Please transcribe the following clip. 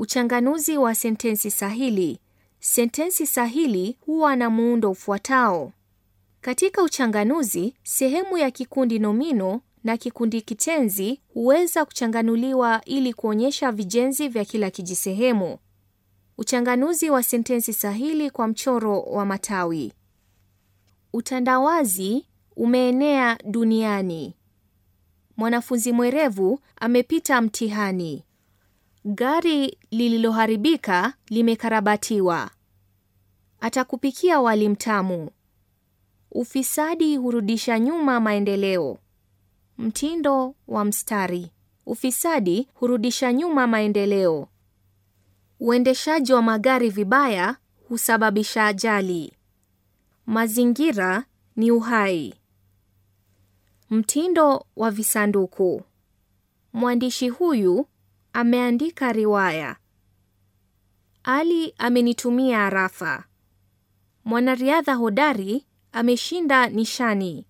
Uchanganuzi wa sentensi sahili. Sentensi sahili huwa na muundo ufuatao. Katika uchanganuzi, sehemu ya kikundi nomino na kikundi kitenzi huweza kuchanganuliwa ili kuonyesha vijenzi vya kila kijisehemu. Uchanganuzi wa sentensi sahili kwa mchoro wa matawi. Utandawazi umeenea duniani. Mwanafunzi mwerevu amepita mtihani. Gari lililoharibika limekarabatiwa. Atakupikia wali mtamu. Ufisadi hurudisha nyuma maendeleo. Mtindo wa mstari. Ufisadi hurudisha nyuma maendeleo. Uendeshaji wa magari vibaya husababisha ajali. Mazingira ni uhai. Mtindo wa visanduku. Mwandishi huyu ameandika riwaya. Ali amenitumia arafa. Mwanariadha hodari ameshinda nishani.